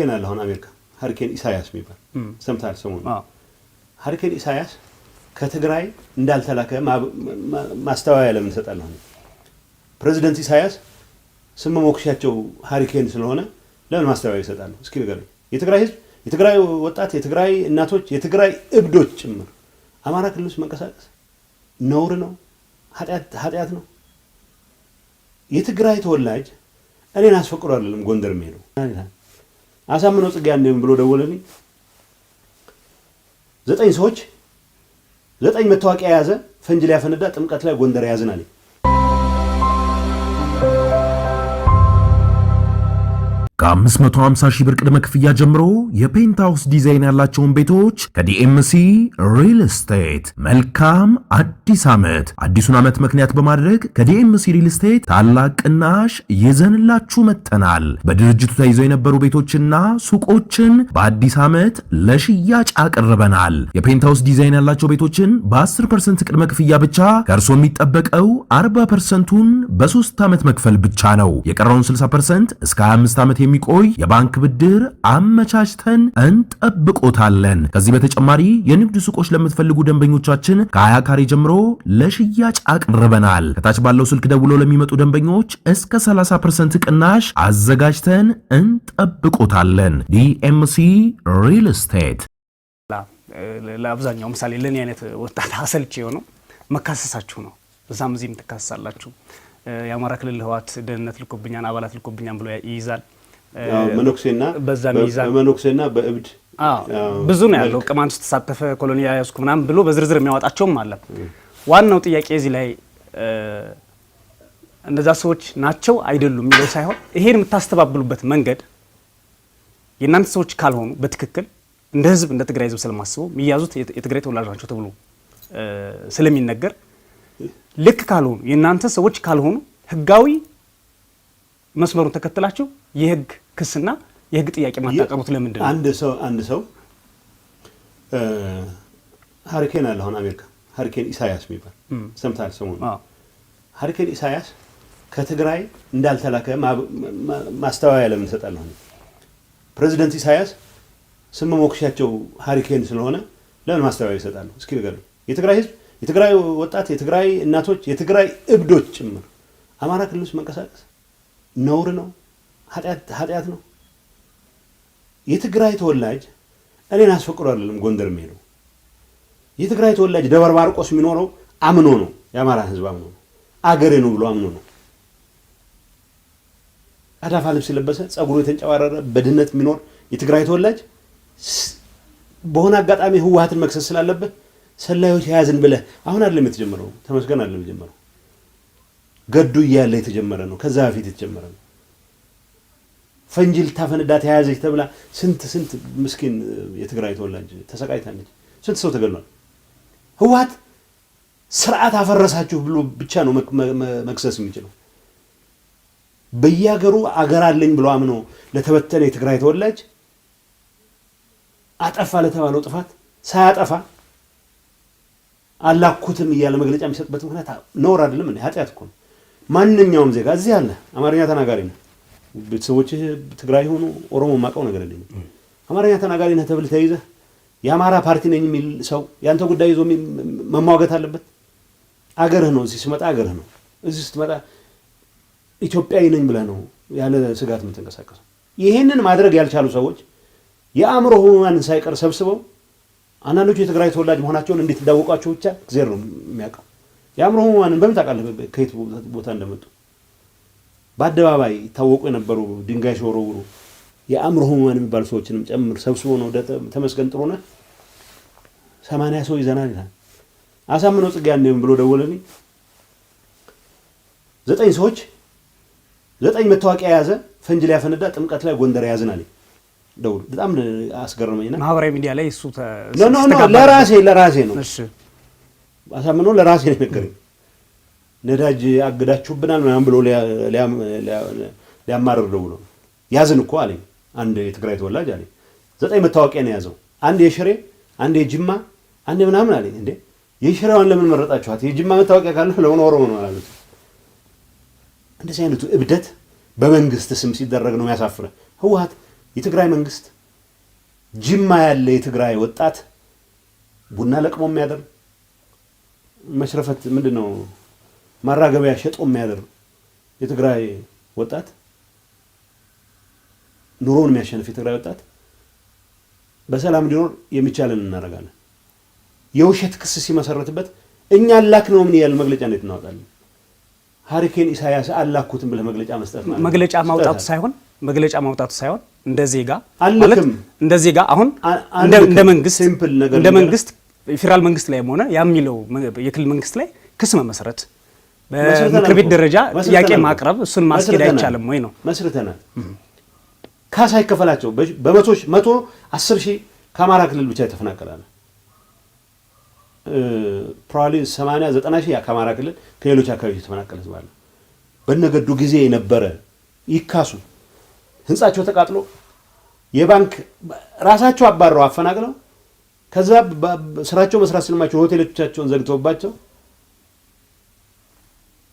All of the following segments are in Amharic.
ሀሪኬን አለ አሁን አሜሪካ ሀሪኬን ኢሳያስ የሚባል ሰምታል። ሰሞኑ ሀሪኬን ኢሳያስ ከትግራይ እንዳልተላከ ማስተባበያ ለምን እንሰጣለን? ፕሬዚደንት ኢሳያስ ስመ ሞክሻቸው ሀሪኬን ስለሆነ ለምን ማስተባበያ ይሰጣሉ? እስኪ ንገረኝ። የትግራይ ህዝብ፣ የትግራይ ወጣት፣ የትግራይ እናቶች፣ የትግራይ እብዶች ጭምር አማራ ክልል ውስጥ መንቀሳቀስ ነውር ነው፣ ኃጢአት ነው። የትግራይ ተወላጅ እኔን አስፈቅዶ አይደለም ጎንደር የሚሄደው አሳምነው ጽጌ አንዴም ብሎ ደወለልኝ። ዘጠኝ ሰዎች ዘጠኝ መታወቂያ የያዘ ፈንጅ ሊያፈነዳ ጥምቀት ላይ ጎንደር ያዝን አለኝ። ከ550 ሺህ ብር ቅድመ ክፍያ ጀምሮ የፔንታውስ ዲዛይን ያላቸውን ቤቶች ከዲኤምሲ ሪል ስቴት። መልካም አዲስ ዓመት! አዲሱን ዓመት ምክንያት በማድረግ ከዲኤምሲ ሪል ስቴት ታላቅ ቅናሽ ይዘንላችሁ መጥተናል። በድርጅቱ ተይዘው የነበሩ ቤቶችና ሱቆችን በአዲስ ዓመት ለሽያጭ አቅርበናል። የፔንታውስ ዲዛይን ያላቸው ቤቶችን በ10 ፐርሰንት ቅድመ ክፍያ ብቻ ከእርሶ የሚጠበቀው 40 ፐርሰንቱን በሶስት ዓመት መክፈል ብቻ ነው። የቀረውን 60 ፐርሰንት እስከ 25 ዓመት የሚ የሚቆይ የባንክ ብድር አመቻችተን እንጠብቆታለን። ከዚህ በተጨማሪ የንግድ ሱቆች ለምትፈልጉ ደንበኞቻችን ከሀያ ካሬ ጀምሮ ለሽያጭ አቅርበናል። ከታች ባለው ስልክ ደውሎ ለሚመጡ ደንበኞች እስከ 30 ፐርሰንት ቅናሽ አዘጋጅተን እንጠብቆታለን። ዲኤምሲ ሪል ስቴት ለአብዛኛው ምሳሌ ለእኔ አይነት ወጣት አሰልቺ የሆነው መካሰሳችሁ ነው። እዛም እዚህም ትካሰሳላችሁ። የአማራ ክልል ህወሓት ደህንነት ልኮብኛን አባላት ልኮብኛን ብሎ ይይዛል። መነኩሴና በመነኩሴና በእብድ ብዙ ነው ያለው። ቅማንት ውስጥ ተሳተፈ፣ ኮሎኒያ ያዝኩ ምናምን ብሎ በዝርዝር የሚያወጣቸውም አለ። ዋናው ጥያቄ እዚህ ላይ እነዛ ሰዎች ናቸው አይደሉም የሚለው ሳይሆን ይሄን የምታስተባብሉበት መንገድ የእናንተ ሰዎች ካልሆኑ በትክክል እንደ ህዝብ እንደ ትግራይ ህዝብ ስለማስበው የሚያዙት የትግራይ ተወላጅ ናቸው ተብሎ ስለሚነገር ልክ ካልሆኑ የእናንተ ሰዎች ካልሆኑ ህጋዊ መስመሩን ተከትላችሁ የህግ ክስና የህግ ጥያቄ ማታቀርቡት ለምንድን ነው? አንድ ሰው አንድ ሰው ሀሪኬን አለ አሁን አሜሪካ ሀሪኬን ኢሳያስ የሚባል ሰምታል። ሰሞኑን ሀሪኬን ኢሳያስ ከትግራይ እንዳልተላከ ማስተባበያ ለምን እሰጣለሁ? ፕሬዚደንት ኢሳያስ ስም ሞክሻቸው ሀሪኬን ስለሆነ ለምን ማስተባበያ ይሰጣሉ? እስኪ ንገሩኝ። የትግራይ ህዝብ፣ የትግራይ ወጣት፣ የትግራይ እናቶች፣ የትግራይ እብዶች ጭምር አማራ ክልል ውስጥ መንቀሳቀስ ነውር ነው፣ ኃጢአት ነው። የትግራይ ተወላጅ እኔን አስፈቅዶ አይደለም ጎንደር የሚሄደው። የትግራይ ተወላጅ ደብረ ማርቆስ የሚኖረው አምኖ ነው፣ የአማራ ህዝብ አምኖ ነው፣ አገሬ ነው ብሎ አምኖ ነው። አዳፋ ልብስ የለበሰ ጸጉሩ የተንጨባረረ በድህነት የሚኖር የትግራይ ተወላጅ በሆነ አጋጣሚ ህወሀትን መክሰስ ስላለብህ ሰላዮች የያዝን ብለህ አሁን አይደለም የተጀመረው። ተመስገን አይደለም የጀመረው ገዱ እያለ የተጀመረ ነው። ከዛ በፊት የተጀመረ ነው። ፈንጂ ልታፈነዳ ተያያዘች ተብላ ስንት ስንት ምስኪን የትግራይ ተወላጅ ተሰቃይታለች። ስንት ሰው ተገሏል። ህወሓት ስርዓት አፈረሳችሁ ብሎ ብቻ ነው መክሰስ የሚችለው። በየሀገሩ አገር አለኝ ብሎ አምኖ ለተበተነ የትግራይ ተወላጅ አጠፋ ለተባለው ጥፋት ሳያጠፋ አላኩትም እያለ መግለጫ የሚሰጥበት ምክንያት ነውር አይደለም፣ ኃጢአት እኮ ነው። ማንኛውም ዜጋ እዚህ አለ፣ አማርኛ ተናጋሪ ነው። ቤተሰቦች ትግራይ ሆኑ ኦሮሞ ማቀው ነገር የለኝም። አማርኛ ተናጋሪ ነህ ተብል ተይዘህ የአማራ ፓርቲ ነኝ የሚል ሰው ያንተ ጉዳይ ይዞ መሟገት አለበት። አገርህ ነው። እዚህ ስመጣ አገርህ ነው። እዚህ ስትመጣ ኢትዮጵያዊ ነኝ ብለህ ነው ያለ ስጋት የምትንቀሳቀሰው። ይህንን ማድረግ ያልቻሉ ሰዎች የአእምሮ ህሙማንን ሳይቀር ሰብስበው አንዳንዶቹ የትግራይ ተወላጅ መሆናቸውን እንዴት እንዳወቋቸው ብቻ ዜር ነው የሚያውቀው። የአእምሮ ህሙማንን በምን ታውቃለህ? ከየት ቦታ እንደመጡ በአደባባይ ይታወቁ የነበሩ ድንጋይ ሲወረውሩ የአእምሮ ህሙማን የሚባሉ ሰዎችንም ጨምር ሰብስቦ ነው ተመስገን ጥሩነህ ሰማንያ ሰው ይዘናል ይላል። አሳምነው ጽጌ አንዴም ብሎ ደወለልኝ። ዘጠኝ ሰዎች ዘጠኝ መታወቂያ የያዘ ፈንጅ ላይ ያፈነዳ ጥምቀት ላይ ጎንደር የያዝን አለኝ ደውሎ በጣም አስገረመኝና ማህበራዊ ሚዲያ ላይ እሱ ለራሴ ለራሴ ነው አሳምነው ለራሴ ነው የነገረኝ። ነዳጅ አግዳችሁብናል ምናምን ብሎ ሊያማርር ደውሎ ያዝን እኮ አለኝ አንድ የትግራይ ተወላጅ አለኝ። ዘጠኝ መታወቂያ ነው የያዘው አንድ የሽሬ አንድ የጅማ አንድ ምናምን አለኝ። እንዴ የሽሬዋን ለምን መረጣችኋት? የጅማ መታወቂያ ካለ ለምን ኦሮሞ ነው አላሉት? እንደዚህ አይነቱ እብደት በመንግስት ስም ሲደረግ ነው የሚያሳፍረ ህወሓት የትግራይ መንግስት ጅማ ያለ የትግራይ ወጣት ቡና ለቅሞ የሚያደርግ መሽረፈት ምንድን ነው ማራገቢያ ሸጦ የሚያደርግ የትግራይ ወጣት ኑሮውን የሚያሸንፍ የትግራይ ወጣት በሰላም እንዲኖር የሚቻለን እናደርጋለን። የውሸት ክስ ሲመሰረትበት እኛ አላክ ነው ምን ያል መግለጫ እንዴት እናወጣለን? ሀሪኬን ኢሳያስ አላኩትም ብለህ መግለጫ መስጠት ነው። መግለጫ ማውጣቱ ሳይሆን መግለጫ ማውጣቱ ሳይሆን እንደ ዜጋ ማለት እንደ ዜጋ አሁን እንደ መንግስት የፌዴራል መንግስት ላይም ሆነ ያ የሚለው የክልል መንግስት ላይ ክስ መመሰረት በምክር ቤት ደረጃ ጥያቄ ማቅረብ እሱን ማስኬድ አይቻልም ወይ ነው መስርተናል። ካሳ ይከፈላቸው። በመቶች መቶ አስር ሺህ ከአማራ ክልል ብቻ የተፈናቀላለ ፕሮባብሊ ሰማንያ ዘጠና ሺህ ከአማራ ክልል ከሌሎች አካባቢዎች የተፈናቀለ ህዝብ አለ። በነገዱ ጊዜ የነበረ ይካሱ። ህንጻቸው ተቃጥሎ የባንክ ራሳቸው አባረው አፈናቅለው ከዛ ስራቸው መስራት ስልማቸው ሆቴሎቻቸውን ዘግተውባቸው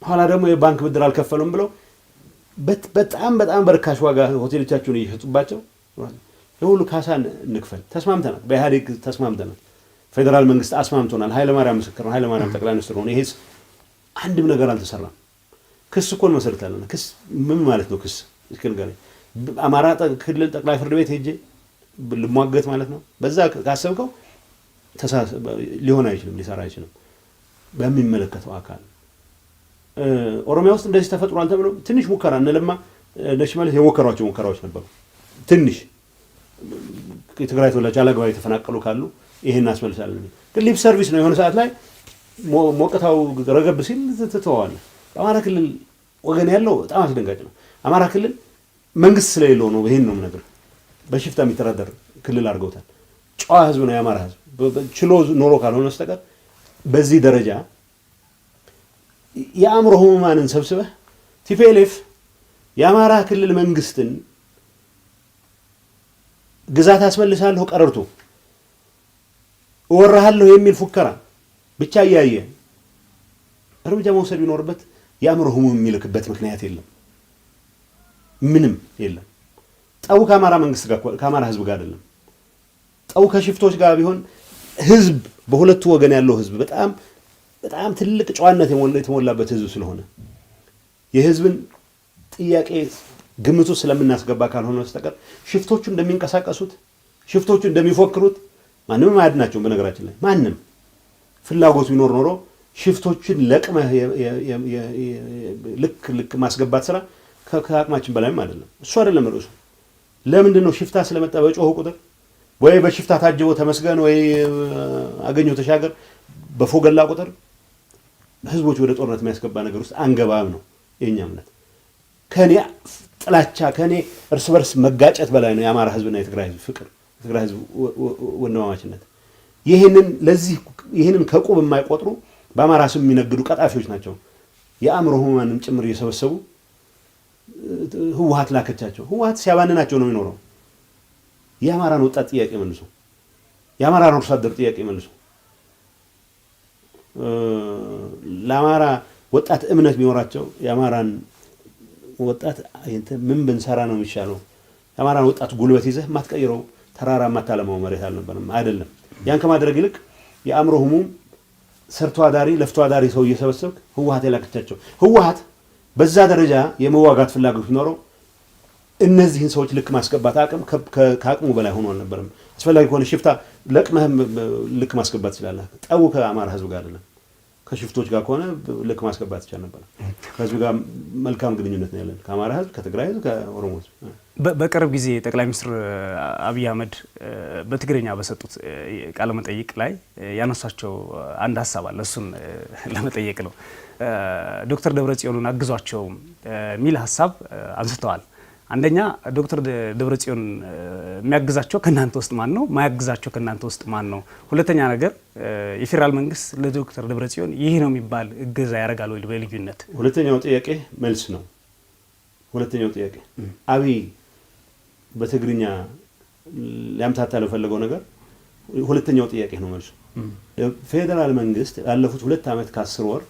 ኋላ ደግሞ የባንክ ብድር አልከፈሉም ብለው በጣም በጣም በርካሽ ዋጋ ሆቴሎቻቸውን እየሸጡባቸው የሁሉ ካሳ እንክፈል ተስማምተናል። በኢህአዴግ ተስማምተናል። ፌዴራል መንግስት አስማምቶናል። ኃይለማርያም ምስክር ነው። ኃይለማርያም ጠቅላይ ሚኒስትር ሆነ። ይሄ አንድም ነገር አልተሰራም። ክስ እኮን እንመሰርታለን። ክስ ምን ማለት ነው? ክስ አማራ ክልል ጠቅላይ ፍርድ ቤት ሄጄ ልሟገት ማለት ነው። በዛ ካሰብከው ሊሆን አይችልም፣ ሊሰራ አይችልም በሚመለከተው አካል። ኦሮሚያ ውስጥ እንደዚህ ተፈጥሯል ተብሎ ትንሽ ሙከራ እነ ለማ ነሽ ማለት የሞከሯቸው ሙከራዎች ነበሩ። ትንሽ የትግራይ ተወላጅ አላግባብ የተፈናቀሉ ካሉ ይሄን አስመልሳለን። ግን ሊፕ ሰርቪስ ነው። የሆነ ሰዓት ላይ ሞቀታው ረገብ ሲል ትተዋዋለ። በአማራ ክልል ወገን ያለው በጣም አስደንጋጭ ነው። አማራ ክልል መንግስት ስለሌለው ነው። ይሄን ነው ነገር በሽፍታ የሚተዳደር ክልል አድርገውታል። ጨዋ ህዝብ ነው የአማራ ህዝብ። ችሎ ኖሮ ካልሆነ በስተቀር በዚህ ደረጃ የአእምሮ ህሙማንን ሰብስበህ ቲፒኤልኤፍ የአማራ ክልል መንግስትን ግዛት አስመልሳለሁ፣ ቀረርቶ እወራሃለሁ የሚል ፉከራ ብቻ እያየ እርምጃ መውሰድ ቢኖርበት የአእምሮ ህሙም የሚልክበት ምክንያት የለም፣ ምንም የለም። ጠቡ ከአማራ መንግስት ጋር ከአማራ ህዝብ ጋር አይደለም። ጠው ከሽፍቶች ጋር ቢሆን ህዝብ በሁለቱ ወገን ያለው ህዝብ በጣም በጣም ትልቅ ጨዋነት የተሞላበት ህዝብ ስለሆነ የህዝብን ጥያቄ ግምቱ ስለምናስገባ ካልሆነ በስተቀር ሽፍቶቹ እንደሚንቀሳቀሱት ሽፍቶቹ እንደሚፎክሩት ማንም አያድናቸውም። በነገራችን ላይ ማንም ፍላጎት ቢኖር ኖሮ ሽፍቶችን ለቅመ ልክ ልክ ማስገባት ስራ ከአቅማችን በላይም አይደለም። እሱ አይደለም ርዕሱ። ለምንድን ነው ሽፍታ ስለመጣ በጮሁ ቁጥር ወይ በሽፍታ ታጅቦ ተመስገን ወይ አገኘው ተሻገር በፎገላ ቁጥር ህዝቦች ወደ ጦርነት የሚያስገባ ነገር ውስጥ አንገባም ነው የኛ እምነት። ከኔ ጥላቻ ከኔ እርስ በርስ መጋጨት በላይ ነው የአማራ ህዝብና የትግራይ ህዝብ ፍቅር፣ የትግራይ ህዝብ ወንድማማችነት። ይህንን ለዚህ ይህንን ከቁብ የማይቆጥሩ በአማራ ስም የሚነግዱ ቀጣፊዎች ናቸው። የአእምሮ ህሙማንም ጭምር እየሰበሰቡ ህወሀት ላከቻቸው። ህወሀት ሲያባንናቸው ነው የሚኖረው። የአማራን ወጣት ጥያቄ መልሶ የአማራን አርሶ አደር ጥያቄ መልሶ ለአማራ ወጣት እምነት ቢኖራቸው የአማራን ወጣት ምን ብንሰራ ነው የሚሻለው? የአማራን ወጣት ጉልበት ይዘህ ማትቀይረው ተራራ ማታለመው መሬት አልነበርም አይደለም። ያን ከማድረግ ይልቅ የአእምሮ ህሙም ሰርቶ አዳሪ ለፍቶ አዳሪ ሰው እየሰበሰብክ ህወሀት የላከቻቸው ህወሀት በዛ ደረጃ የመዋጋት ፍላጎት ቢኖረው እነዚህን ሰዎች ልክ ማስገባት አቅም ከአቅሙ በላይ ሆኖ አልነበረም። አስፈላጊ ከሆነ ሽፍታ ለቅመህም ልክ ማስገባት ትችላለህ። ጠቡ ከአማራ ህዝብ ጋር አይደለም። ከሽፍቶች ጋር ከሆነ ልክ ማስገባት ይቻል ነበር። ከህዝብ ጋር መልካም ግንኙነት ነው ያለን፣ ከአማራ ህዝብ፣ ከትግራይ ህዝብ፣ ከኦሮሞ ህዝብ። በቅርብ ጊዜ ጠቅላይ ሚኒስትር አብይ አህመድ በትግርኛ በሰጡት ቃለመጠይቅ ላይ ያነሷቸው አንድ ሀሳብ አለ። እሱን ለመጠየቅ ነው። ዶክተር ደብረ ጽዮኑን አግዟቸውም የሚል ሀሳብ አንስተዋል። አንደኛ ዶክተር ደብረጽዮን የሚያግዛቸው ከእናንተ ውስጥ ማን ነው? ማያግዛቸው ከእናንተ ውስጥ ማን ነው? ሁለተኛ ነገር የፌዴራል መንግስት ለዶክተር ደብረጽዮን ይህ ነው የሚባል እገዛ ያደርጋል ወይ? በልዩነት ሁለተኛው ጥያቄ መልስ ነው። ሁለተኛው ጥያቄ አብይ በትግርኛ ሊያምታታ ለፈለገው ነገር ሁለተኛው ጥያቄ ነው መልሱ። ፌዴራል መንግስት ላለፉት ሁለት ዓመት ከአስር ወር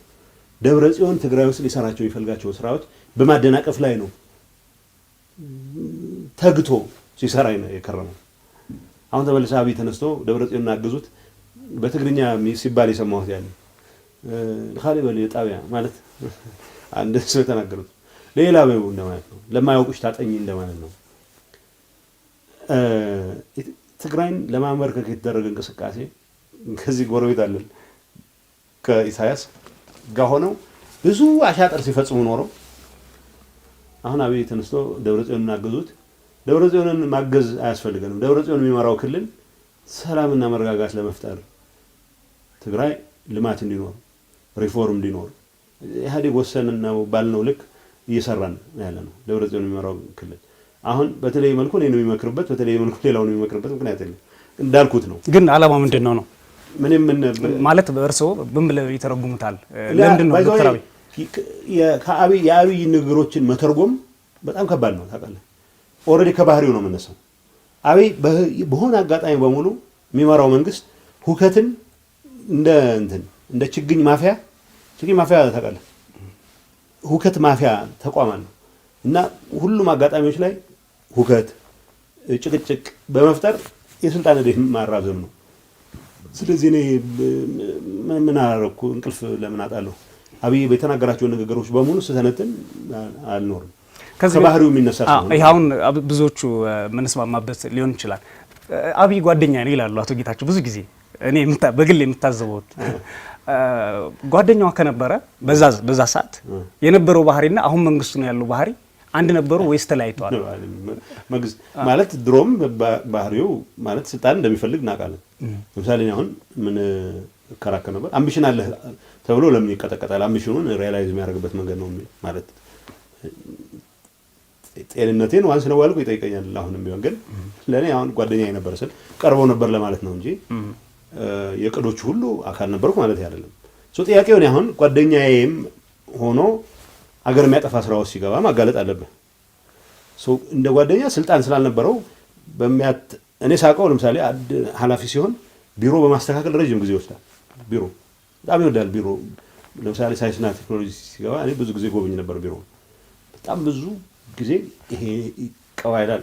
ደብረጽዮን ትግራይ ውስጥ ሊሰራቸው የሚፈልጋቸው ስራዎች በማደናቀፍ ላይ ነው። ተግቶ ሲሰራ የከረመው። አሁን ተመልሰ አብይ ተነስቶ ደብረጽዮን አገዙት። በትግርኛ ሲባል የሰማሁት ያለ ካሊ በል የጣቢያ ማለት አንድ ሰው የተናገሩት ሌላ ወይ እንደማለት ነው። ለማያውቁሽ ታጠኝ እንደማለት ነው። ትግራይን ለማንበርከክ የተደረገ እንቅስቃሴ ከዚህ ጎረቤት አለን ከኢሳያስ ጋር ሆነው ብዙ አሻጥር ሲፈጽሙ ኖረው አሁን አብይ ተነስቶ ደብረ ጽዮንን አገዙት። ደብረ ጽዮንን ማገዝ አያስፈልገንም። ደብረ ጽዮን የሚመራው ክልል ሰላምና መረጋጋት ለመፍጠር ትግራይ ልማት እንዲኖር ሪፎርም እንዲኖር ኢህአዴግ ነው ባልነው ልክ እየሰራን ያለ ነው። ደብረ ጽዮን የሚመራው ክልል አሁን በተለይ መልኩ እኔ ነው የሚመክርበት፣ በተለይ መልኩ ሌላውን የሚመክርበት ምክንያት የለም። እንዳልኩት ነው። ግን አላማ ምንድን ነው ነው ምንም ማለት በእርስዎ ብም ይተረጉሙታል። ለምንድን ነው ዶክተር አብይ የአብይ ንግግሮችን መተርጎም በጣም ከባድ ነው ታውቃለህ። ኦልሬዲ ከባህሪው ነው የምነሳው። አብይ በሆነ አጋጣሚ በሙሉ የሚመራው መንግስት ሁከትን እንደ እንትን እንደ ችግኝ ማፍያ ችግኝ ማፊያ ታውቃለህ፣ ሁከት ማፊያ ተቋም አለው እና ሁሉም አጋጣሚዎች ላይ ሁከት፣ ጭቅጭቅ በመፍጠር የስልጣን ዕድሜ ማራዘም ነው። ስለዚህ እኔ ምን አደረኩ? እንቅልፍ ለምን አጣለሁ? አብይ የተናገራቸው ንግግሮች በሙሉ ስህተትን አልኖርም ከባህሪው የሚነሳ ይህ አሁን ብዙዎቹ የምንስማማበት ሊሆን ይችላል። አብይ ጓደኛ ነው ይላሉ አቶ ጌታቸው ብዙ ጊዜ እኔ በግል የምታዘበውት ጓደኛዋ ከነበረ በዛ ሰዓት የነበረው ባህሪና አሁን መንግስቱ ነው ያለው ባህሪ አንድ ነበሩ ወይስ ተለያይተዋል? ማለት ድሮም ባህሪው ማለት ስልጣን እንደሚፈልግ እናውቃለን። ለምሳሌ አሁን ምን እከራከር ነበር አምቢሽን አለህ ተብሎ ለምን ይቀጠቀጣል? አምቢሽኑን ሪያላይዝ የሚያደርግበት መንገድ ነው ማለት ጤንነቴን ዋንስ ነው ያልኩ ይጠይቀኛል። አሁን ቢሆን ግን ለእኔ አሁን ጓደኛ ነበር ስል ቀርቦ ነበር ለማለት ነው እንጂ የቅዶቹ ሁሉ አካል ነበርኩ ማለት አይደለም። ጥያቄውን አሁን ጓደኛዬም ሆኖ አገር የሚያጠፋ ስራ ውስጥ ሲገባ ማጋለጥ አለብህ። እንደ ጓደኛ ስልጣን ስላልነበረው እኔ ሳውቀው ለምሳሌ ኃላፊ ሲሆን ቢሮ በማስተካከል ረጅም ጊዜ ይወስዳል ቢሮ በጣም ይወዳል ቢሮ። ለምሳሌ ሳይንስና ቴክኖሎጂ ሲገባ እኔ ብዙ ጊዜ ጎበኝ ነበር ቢሮ። በጣም ብዙ ጊዜ ይሄ ይቀባይላል።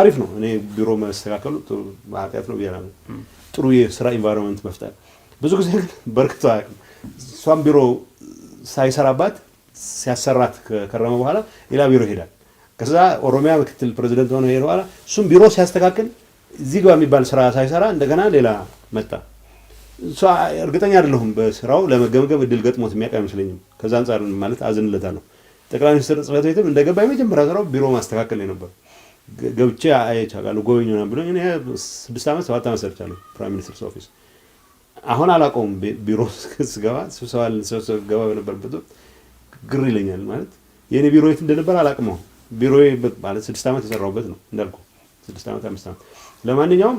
አሪፍ ነው። እኔ ቢሮ መስተካከሉ ማጥያት ነው ብያለሁ። ጥሩ የስራ ኢንቫይሮንመንት መፍጠር ብዙ ጊዜ ግን በርክቶ አያውቅም። እሷም ቢሮ ሳይሰራባት ሲያሰራት ከከረመ በኋላ ሌላ ቢሮ ይሄዳል። ከዛ ኦሮሚያ ምክትል ፕሬዚደንት ሆነ ሄደ በኋላ እሱም ቢሮ ሲያስተካክል እዚህ ግባ የሚባል ስራ ሳይሰራ እንደገና ሌላ መጣ። እርግጠኛ አይደለሁም በስራው ለመገምገም እድል ገጥሞት የሚያውቅ አይመስለኝም። ከዛ አንጻር ማለት አዝንለታለሁ። ጠቅላይ ሚኒስትር ጽሕፈት ቤትም እንደገባ የመጀመሪያ ስራው ቢሮ ማስተካከል ነው የነበረው። ገብቼ አይቻቃለሁ ጎበኝ ሆና ብሎ እኔ ስድስት ዓመት ሰባት ዓመት ሰርቻለሁ ፕራይም ሚኒስትር ኦፊስ። አሁን አላውቀውም ቢሮ ስገባ ስብሰባ ስገባ በነበረበት ወቅት ግር ይለኛል። ማለት የእኔ ቢሮ የት እንደነበር አላውቅም። ቢሮ ማለት ስድስት ዓመት የሰራሁበት ነው እንዳልኩ ስድስት ዓመት አምስት ዓመት ለማንኛውም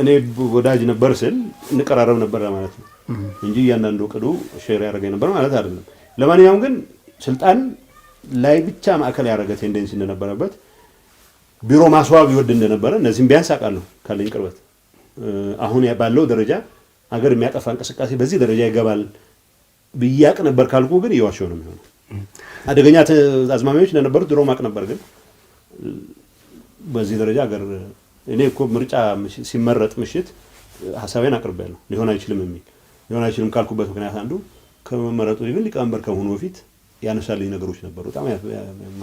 እኔ ወዳጅ ነበር ስል እንቀራረብ ነበር ማለት ነው እንጂ እያንዳንዱ ቅዱ ሼር ያደረገኝ ነበር ማለት አይደለም። ለማንኛውም ግን ስልጣን ላይ ብቻ ማዕከል ያደረገ ቴንደንሲ እንደነበረበት ቢሮ ማስዋብ ይወድ እንደነበረ እነዚህም ቢያንስ አውቃለሁ ካለኝ ቅርበት። አሁን ባለው ደረጃ ሀገር የሚያጠፋ እንቅስቃሴ በዚህ ደረጃ ይገባል ብያቅ ነበር ካልኩ ግን እየዋሸው ነው የሚሆነው። አደገኛ አዝማሚዎች እንደነበሩት ድሮ ማቅ ነበር፣ ግን በዚህ ደረጃ ሀገር እኔ እኮ ምርጫ ሲመረጥ ምሽት ሀሳቤን አቅርቤያለሁ። ሊሆን አይችልም የሚል ሊሆን አይችልም ካልኩበት ምክንያት አንዱ ከመመረጡ ይብን ሊቀመንበር ከመሆኑ በፊት ያነሳልኝ ነገሮች ነበሩ። በጣም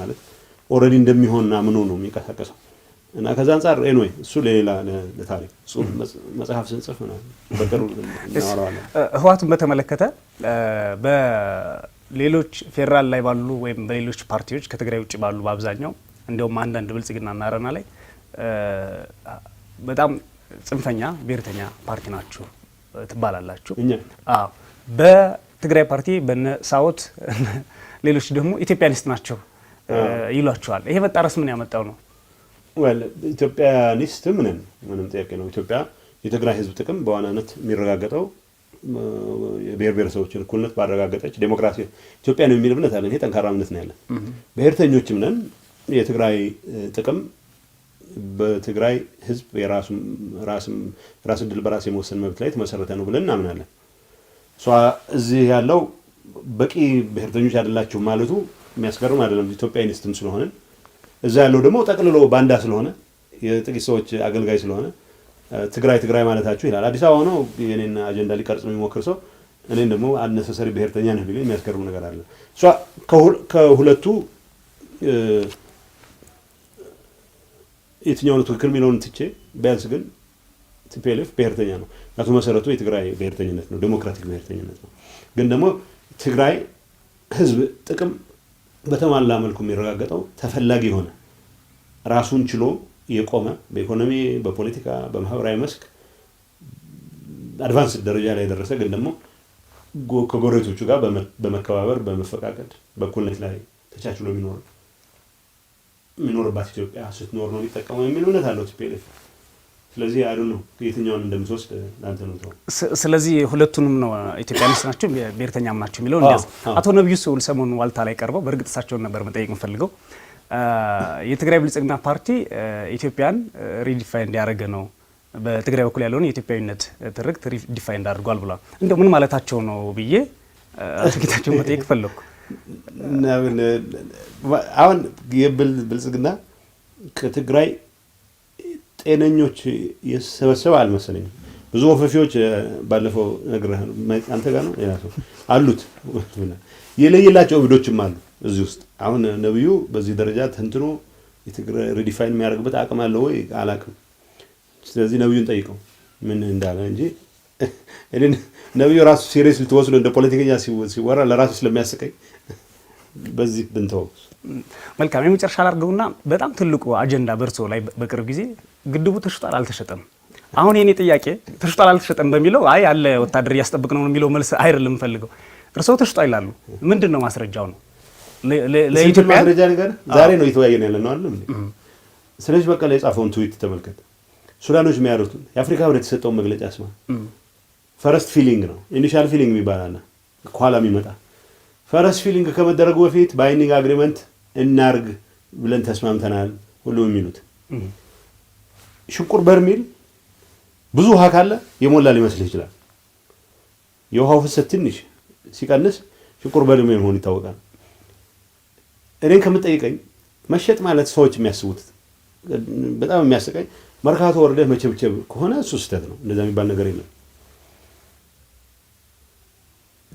ማለት ኦልሬዲ እንደሚሆን አምኖ ነው የሚንቀሳቀሰው እና ከዛ አንጻር ኤንወይ እሱ ለሌላ ለታሪክ ጽሁፍ መጽሐፍ ስንጽፍ በቅርቡ እናወራዋለን። ህወሓትን በተመለከተ በሌሎች ፌዴራል ላይ ባሉ ወይም በሌሎች ፓርቲዎች ከትግራይ ውጭ ባሉ በአብዛኛው እንዲሁም አንዳንድ ብልጽግና እናረና ላይ በጣም ጽንፈኛ ብሔርተኛ ፓርቲ ናችሁ ትባላላችሁ። በትግራይ ፓርቲ በነ ሳውት ሌሎች ደግሞ ኢትዮጵያኒስት ናቸው ይሏቸዋል ይሄ መጣረስ ምን ያመጣው ነው? ኢትዮጵያኒስት ምንም ምንም ጥያቄ ነው። ኢትዮጵያ የትግራይ ህዝብ ጥቅም በዋናነት የሚረጋገጠው የብሔር ብሔረሰቦችን እኩልነት ባረጋገጠች ዴሞክራሲ ኢትዮጵያ ነው የሚል እምነት አለን። ይሄ ጠንካራ እምነት ነው ያለን። ብሔርተኞችም ነን። የትግራይ ጥቅም በትግራይ ህዝብ የራስ ድል በራስ የመወሰን መብት ላይ የተመሰረተ ነው ብለን እናምናለን። እሷ እዚህ ያለው በቂ ብሔርተኞች ያደላቸው ማለቱ የሚያስገርም አይደለም። ኢንስትም ስለሆነ እዛ ያለው ደግሞ ጠቅልሎ ባንዳ ስለሆነ የጥቂት ሰዎች አገልጋይ ስለሆነ ትግራይ ትግራይ ማለታችሁ ይላል። አዲስ አበባ ሆኖ የኔን አጀንዳ ሊቀርጽ የሚሞክር ሰው እኔን ደግሞ አነሰሰሪ ብሔርተኛ ነህ ቢለኝ የሚያስገርም ነገር አለ። እሷ ከሁለቱ የትኛው ነው ትክክል የሚለውን ትቼ ቢያንስ ግን ቲፒኤልኤፍ ብሔርተኛ ነው። ምክንያቱም መሰረቱ የትግራይ ብሔርተኝነት ነው፣ ዴሞክራቲክ ብሔርተኝነት ነው። ግን ደግሞ ትግራይ ህዝብ ጥቅም በተሟላ መልኩ የሚረጋገጠው ተፈላጊ የሆነ ራሱን ችሎ የቆመ በኢኮኖሚ፣ በፖለቲካ፣ በማህበራዊ መስክ አድቫንስ ደረጃ ላይ የደረሰ ግን ደግሞ ከጎረቤቶቹ ጋር በመከባበር በመፈቃቀድ በእኩልነት ላይ ተቻችሎ የሚኖር የሚኖርባት ኢትዮጵያ ስትኖር ነው የሚጠቀመው የሚል እውነት አለው ቲፒኤልኤፍ። ስለዚህ አሉ ነው የትኛውን እንደምትወስድ ለአንተ ነው ተው። ስለዚህ ሁለቱንም ነው ኢትዮጵያኒስት ናቸው ብሔርተኛም ናቸው የሚለው እንዲያዝ። አቶ ነቢዩ ስሁል ሰሞኑን ዋልታ ላይ ቀርበው በእርግጥ እሳቸውን ነበር መጠየቅ የምፈልገው የትግራይ ብልጽግና ፓርቲ ኢትዮጵያን ሪዲፋይ እንዲያደረገ ነው በትግራይ በኩል ያለውን የኢትዮጵያዊነት ትርክት ሪዲፋይ አድርጓል ብሏል። እንደው ምን ማለታቸው ነው ብዬ አቶ ጌታቸውን መጠየቅ ፈለግኩ። አሁን የብልጽግና ከትግራይ ጤነኞች የሰበሰበ አልመሰለኝም። ብዙ ወፈፊዎች ባለፈው ነግረሃል፣ አንተ ጋር ነው ሌላ ሰው አሉት። የለየላቸው እብዶችም አሉ እዚህ ውስጥ። አሁን ነብዩ በዚህ ደረጃ ተንትኖ የትግራይ ሪዲፋይን የሚያደርግበት አቅም አለው ወይ አላቅም። ስለዚህ ነብዩን ጠይቀው ምን እንዳለ እንጂ ነቢዩ ራሱ ሲሪየስ ልትወስዱ እንደ ፖለቲከኛ ሲወራ ለራሱ ስለሚያስቀኝ በዚህ ብንተው መልካም። የመጨረሻ ላርገውና በጣም ትልቁ አጀንዳ በእርሶ ላይ በቅርብ ጊዜ ግድቡ ተሽጧል አልተሸጠም። አሁን የኔ ጥያቄ ተሽጧል አልተሸጠም በሚለው አይ አለ ወታደር እያስጠብቅ ነው የሚለው መልስ አይደለም የምፈልገው። እርሶ ተሽጧል ይላሉ። ምንድን ነው ማስረጃው? ነው ለኢትዮጵያ ማስረጃ ነገር ዛሬ ነው የተወያየን ያለ ነው አይደል? ስለዚህ በቃ ላይ የጻፈውን ትዊት ተመልከት። ሱዳኖች የሚያደርቱን የአፍሪካ ህብረት የተሰጠውን መግለጫ ስማ ፈረስት ፊሊንግ ነው። ኢኒሻል ፊሊንግ የሚባላል ከኋላ የሚመጣ ፈረስት ፊሊንግ ከመደረጉ በፊት ባይንዲንግ አግሪመንት እናርግ ብለን ተስማምተናል። ሁሉም የሚሉት ሽቁር በርሜል ብዙ ውሃ ካለ የሞላ ሊመስል ይችላል። የውሃው ፍሰት ትንሽ ሲቀንስ ሽቁር በርሜል መሆኑ ይታወቃል። እኔን ከምጠይቀኝ መሸጥ ማለት ሰዎች የሚያስቡት በጣም የሚያስቀኝ መርካቶ ወርደህ መቸብቸብ ከሆነ እሱ ስህተት ነው። እንደዛ የሚባል ነገር የለም።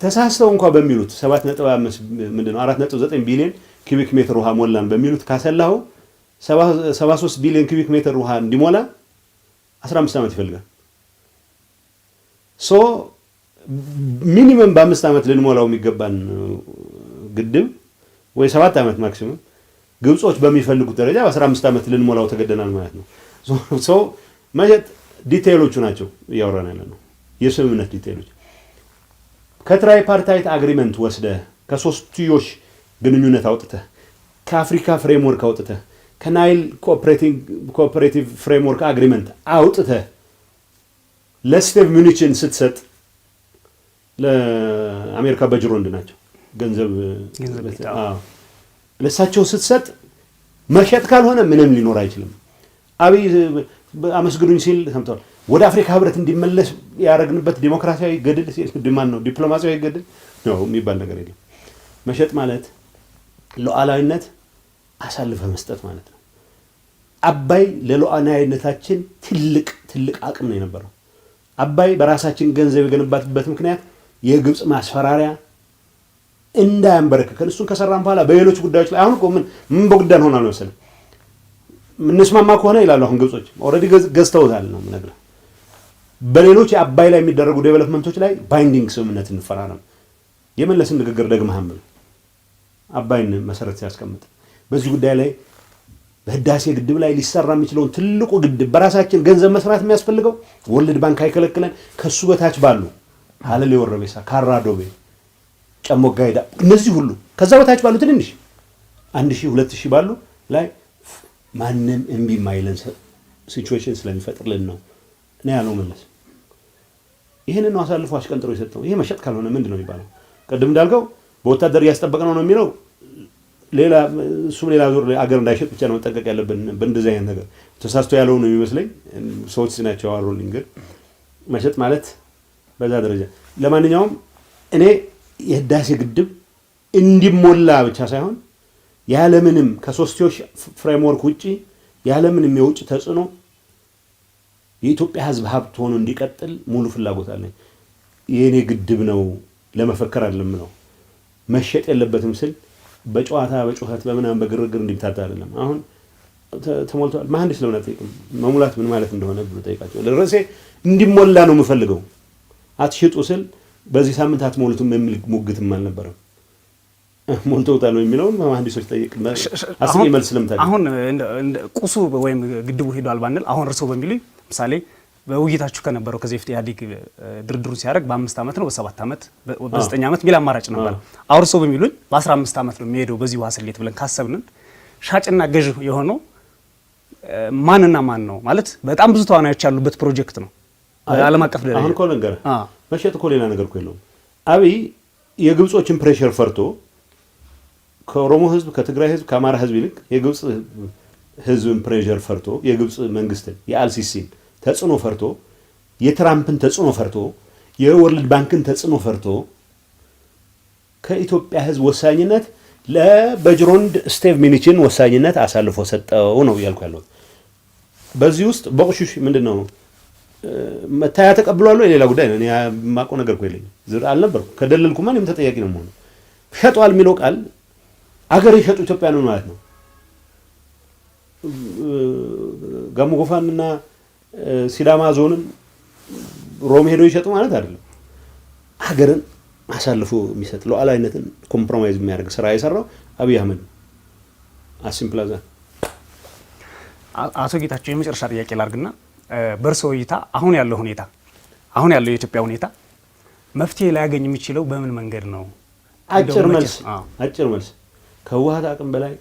ተሳስተው እንኳ በሚሉት 7.5 ምንድን 4.9 ቢሊዮን ኪቢክ ሜትር ውሃ ሞላን በሚሉት ካሰላሁ 73 ቢሊዮን ኪቢክ ሜትር ውሃ እንዲሞላ 15 ዓመት ይፈልጋል። ሶ ሚኒመም በአምስት ዓመት ልንሞላው የሚገባን ግድብ ወይ ሰባት ዓመት ማክሲመም ግብጾች በሚፈልጉት ደረጃ በ15 ዓመት ልንሞላው ተገደናል ማለት ነው። ሶ ማለት ዲቴይሎቹ ናቸው እያወራን ያለ ነው የስምምነት ዲቴይሎች ከትራይፓርታይት አግሪመንት ወስደህ ከሶስትዮሽ ግንኙነት አውጥተህ ከአፍሪካ ፍሬምወርክ አውጥተህ ከናይል ኮኦፐሬቲቭ ፍሬምወርክ አግሪመንት አውጥተህ ለስቴቭ ሚኒችን ስትሰጥ ለአሜሪካ በጅሮንድ ናቸው ገንዘብ ለእሳቸው ስትሰጥ መሸጥ ካልሆነ ምንም ሊኖር አይችልም። አብይ አመስግኑኝ ሲል ሰምተዋል። ወደ አፍሪካ ህብረት እንዲመለስ ያደረግንበት ዲሞክራሲያዊ ገድል ድማን ነው ዲፕሎማሲያዊ ገድል ነው የሚባል ነገር የለም። መሸጥ ማለት ሉዓላዊነት አሳልፈ መስጠት ማለት ነው። አባይ ለሉዓላዊነታችን ትልቅ ትልቅ አቅም ነው የነበረው። አባይ በራሳችን ገንዘብ የገነባትበት ምክንያት የግብፅ ማስፈራሪያ እንዳያንበረክከን እሱን ከሰራን በኋላ በሌሎች ጉዳዮች ላይ አሁን ምን ምን በጉዳይ ሆናል መሰለህ የምንስማማ ከሆነ ይላሉ አሁን ግብጾች ኦልሬዲ ገዝተውታል ነው የምነግርህ። በሌሎች የአባይ ላይ የሚደረጉ ዴቨሎፕመንቶች ላይ ባይንዲንግ ስምምነት እንፈራረም። የመለስን ንግግር ደግመህ አንብብ፣ አባይን መሰረት ሲያስቀምጥ በዚህ ጉዳይ ላይ በህዳሴ ግድብ ላይ ሊሰራ የሚችለውን ትልቁ ግድብ በራሳችን ገንዘብ መስራት የሚያስፈልገው ወርልድ ባንክ አይከለክለን። ከሱ በታች ባሉ ሀለሌ ወረቤሳ፣ ካራዶቤ፣ ጨሞጋይዳ እነዚህ ሁሉ ከዛ በታች ባሉ ትንንሽ አንድ ሺህ ሁለት ሺህ ባሉ ላይ ማንም እምቢ የማይለን ሲቹዌሽን ስለሚፈጥርልን ነው ነው ያለው መለስ። ይህንን ነው አሳልፎ አሽቀንጥሮ የሰጠው። ይሄ መሸጥ ካልሆነ ምንድ ነው የሚባለው? ቅድም እንዳልከው በወታደር እያስጠበቅ ነው ነው የሚለው ሌላ እሱም ሌላ ዞር አገር እንዳይሸጥ ብቻ ነው መጠንቀቅ ያለብን። በእንደዚህ አይነት ነገር ተሳስቶ ያለው ነው የሚመስለኝ። ሰዎች ናቸው ያዋሩልኝ። ግን መሸጥ ማለት በዛ ደረጃ። ለማንኛውም እኔ የህዳሴ ግድብ እንዲሞላ ብቻ ሳይሆን ያለምንም ከሶስትዮሽ ፍሬምወርክ ውጪ ያለምንም የውጭ ተጽዕኖ የኢትዮጵያ ሕዝብ ሀብት ሆኖ እንዲቀጥል ሙሉ ፍላጎት አለኝ። የእኔ ግድብ ነው፣ ለመፈከር አለም ነው መሸጥ የለበትም ስል በጨዋታ በጩኸት በምናምን በግርግር እንዲምታታ አይደለም። አሁን ተሞልተዋል። መሀንዲስ ለምን አጠይቅም? መሙላት ምን ማለት እንደሆነ ብሎ ጠይቃቸው። ርዕሴ እንዲሞላ ነው የምፈልገው። አትሽጡ ስል በዚህ ሳምንት አትሞሉትም የሚል ሙግትም አልነበረም። ሞልተውታል ነው የሚለውን መሀንዲሶች ጠይቅና አስብ መልስ ልምታ አሁን ቁሱ ወይም ግድቡ ሄዷል ባንል አሁን እርሶ በሚሉ ምሳሌ በውይይታችሁ ከነበረው ከዚህ በፊት ኢህአዴግ ድርድሩ ሲያደርግ በአምስት ዓመት ነው በሰባት ዓመት በዘጠኝ ዓመት የሚል አማራጭ ነበር። አሁን እርሶ በሚሉኝ በአስራ አምስት ዓመት ነው የሚሄደው በዚህ ውሃ ስሌት ብለን ካሰብንን ሻጭና ገዥ የሆነው ማንና ማን ነው ማለት በጣም ብዙ ተዋናዮች ያሉበት ፕሮጀክት ነው። ዓለም አቀፍ ደረጃ አሁን እኮ ነገር መሸጥ እኮ ሌላ ነገር እኮ የለውም። አብይ የግብጾችን ፕሬሽር ፈርቶ ከኦሮሞ ህዝብ፣ ከትግራይ ህዝብ፣ ከአማራ ህዝብ ይልቅ የግብፅ ህዝብን ፕሬዠር ፈርቶ የግብፅ መንግስትን የአልሲሲን ተጽዕኖ ፈርቶ የትራምፕን ተጽዕኖ ፈርቶ የወርልድ ባንክን ተጽዕኖ ፈርቶ ከኢትዮጵያ ህዝብ ወሳኝነት ለበጅሮንድ ስቴቭ ሚኒችን ወሳኝነት አሳልፎ ሰጠው ነው እያልኩ ያለሁት። በዚህ ውስጥ በቁሹሽ ምንድን ነው መታያ ተቀብሏል። የሌላ ጉዳይ ነው። የማውቀው ነገር እኮ የለኝም። አልነበርኩም። ከደለልኩማ እኔም ተጠያቂ ነው የምሆነው። ሸጧል የሚለው ቃል አገር የሸጡ ነው ማለት ነው። ጋሞ ጎፋንና እና ሲዳማ ዞንን ሮም ሄዶ ይሸጡ ማለት አይደለም። ሀገርን አሳልፎ የሚሰጥ ሉዓላዊነትን ኮምፕሮማይዝ የሚያደርግ ስራ የሰራው አብይ አህመድ አሲምፕላዛ። አቶ ጌታቸው የመጨረሻ ጥያቄ ላርግና በእርስዎ እይታ አሁን ያለው ሁኔታ አሁን ያለው የኢትዮጵያ ሁኔታ መፍትሄ ላያገኝ የሚችለው በምን መንገድ ነው? አጭር መልስ አጭር መልስ ከህወሓት አቅም በላይ